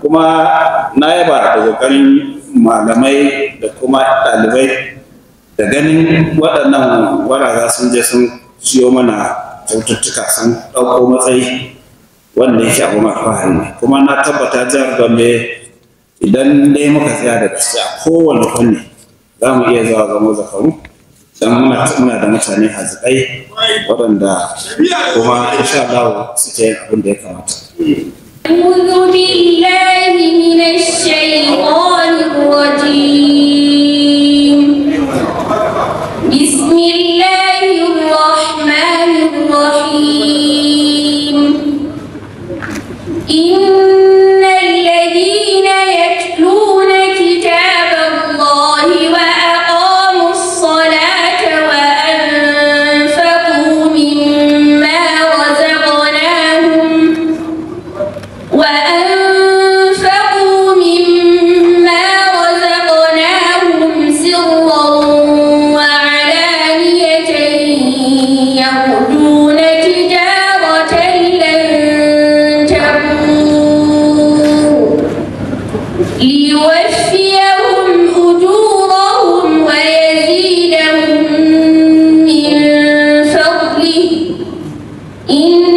kuma na yaba da kokarin malamai da kuma ɗalibai da ganin waɗannan waraza sun je sun siyo mana cututtuka sun ɗauko matsayi wanda yake abu alfahari ne kuma na tabbata jihar gombe idan dai muka tsaya da gaske a kowane fanni za mu iya zuwa zama zakaru don muna muna da mutane hazikai waɗanda kuma sha Allah suke yin abin da ya kamata بسم الله إن